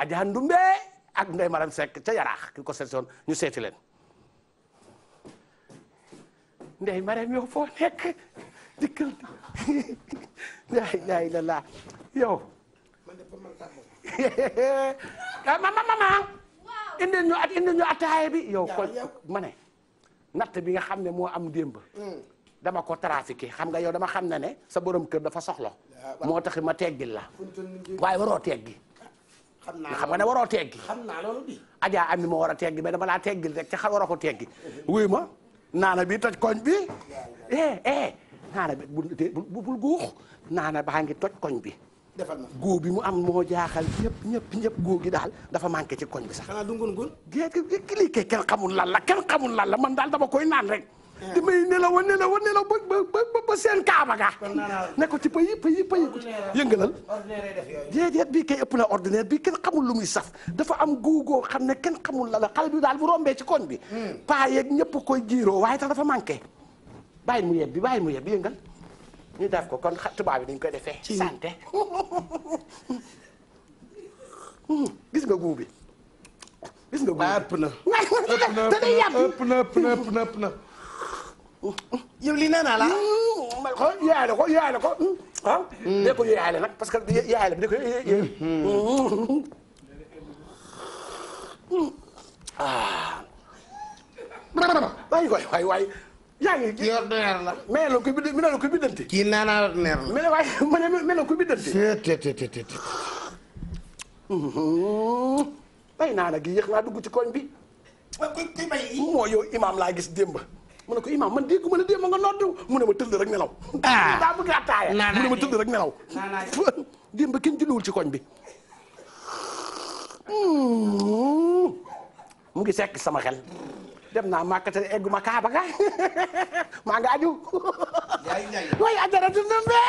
Adja Ndumbe ak Ndeye Marème Seck ca Yaraax ki ko ñu seeti leen Ndeye Marème yow foo nekk dikkal laa ilaaha illallaah yow mama ah, mama indil ñu at indil ñu attaaye bi yow ko ma natt bi nga xam ne moo am démb hmm. dama ko trafiqué xam nga yow dama xam ne ne sa borom kër dafa soxla moo tax ma teggil la waaye waroo teggi xam nga ne waroo teggi xam naa loolu bi ajaa am ni ma war a teggi mais dama laa teggil rek ci xam waroo ko teggi wuy ma naana bi toj koñ bi eh, eh naana bi bu bul guux naana baa ngi toj koñ bi defal na góob bi mu am moo jaaxal ñëpp ñëpp ñëpp góob gi daal dafa manqué ci koñ bi sax. xanaa du ngun ngun. géej gi lii kay kenn xamul lan la kenn la man daal dama koy naan rek. Eh. damay nelaw a nelaw nelaw seen kaaba ga ne ko ci pëyi pëyi ko ci yëngalal déedéet bii kay ëpp na ordinaire bii kenn xamul lu muy saf dafa am guugoo xam ne kenn xamul la la xale bi daal bu rombee ci koñ bi hmm. paa yeeg ñëpp koy jiiroo waaye tax dafa manqué bàyyi mu yebbi bàyyi mu yebbi yëngal ñu def ko kon tubaab bi dañ koy defee ci santé hmm, gis nga guub bi gis nga guub ëpp na ëpp na ëpp na ëpp na yow la hmm. xool yaale ko ko hmm, ah. dee hmm. ko yaale nag parce que yaale bi dee ko eh, eh, eh. Hmm, ah. waay waay waay waay. yaa ngi kii bi mi ne la ku biddante. ku biddante. ay naana gi yéex naa dugg ci koñ bi. mooy yow imaam laa mu ne ko imaam man déggu ma ne dee ma mu ne ma tëdd rek nelaw. Ah. mu ne ma tëdd rek nelaw. démb ba kenn julliwul ci koñ hmm. mu ngi sekk sama xel. dem naa màkk te eggu a kaaba ga maa nga aju. waay ajaratu ndembe.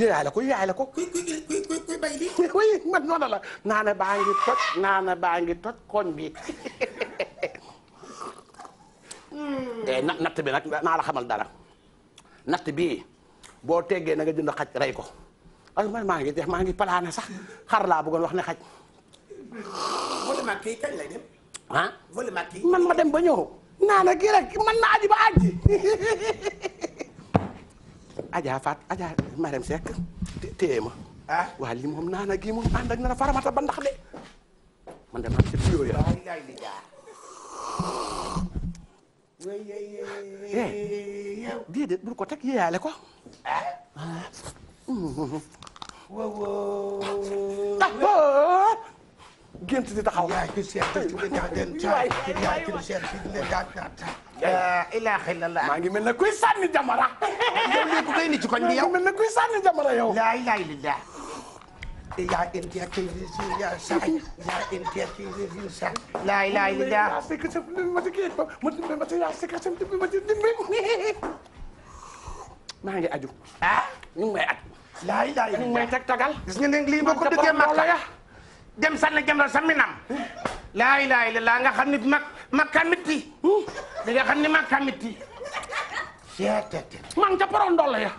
yaay la ko yaay la ko. kuy kuy kuy kuy kuy bay li. oui man la. naana baa ngi naana baa ngi toj Eh, natt bi nag naa la xamal dara natt bi boo tegee na nga jënd xaj rey ko man maa ngi def maa ngi palaane sax xar laa bëggoon ne xaj. volet mag man ma dem ba ñëw. naa na kii rek man na aji ba aji. Adja Fat Adja Marème Seck téye ma. ah waa lii moom naa na kii moom ànd ak na la faramata ba ndax de man de maa ngi ci eh déedéet bul ko teg yéeyaale ko. Ah. waaw. Ah, ah. gént di la yaa eh, eh, maa ngi mel ne kuy sànni jamara. yow léegi ku bi yow. yaa ngi sànni jamara yaa intellectualisé yaa sax yaa intellectualisé sax. laay laay li daa. maa ngi aju. ah ñu ngi may at. laay laay li may teg tagal. gis nga ne lii boo ko déggee makka dem sànni jamra sa minam. laay laay li laa nga xam ne ma ma kamiti. li nga xam ne ma kamiti. maa ngi ca poron doole ya.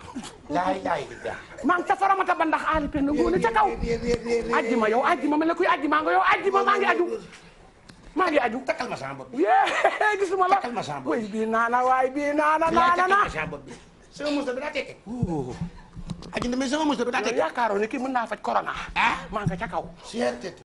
yaay yaay maa ngi ca faramata ba ndax aali penn ca kaw. aji ma yow aji ma mel ne kuy aji maa nga yow aji ma maa ngi aju. maa ngi aju takkal ma sama bopp bi. gisuma la takkal ma sama bopp bi. naana naana naana na. sama musa bi daa tekke. aji ndamay sama musa bi daa tekke. yaakaaroon ne kii mën naa faj corona. ah ca kaw.